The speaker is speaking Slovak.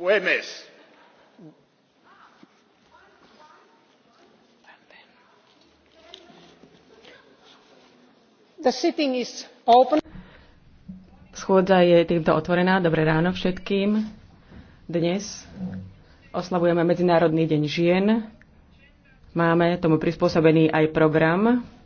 puhemies Schôdza je týmto otvorená. Dobré ráno všetkým. Dnes oslavujeme Medzinárodný deň žien. Máme tomu prispôsobený aj program.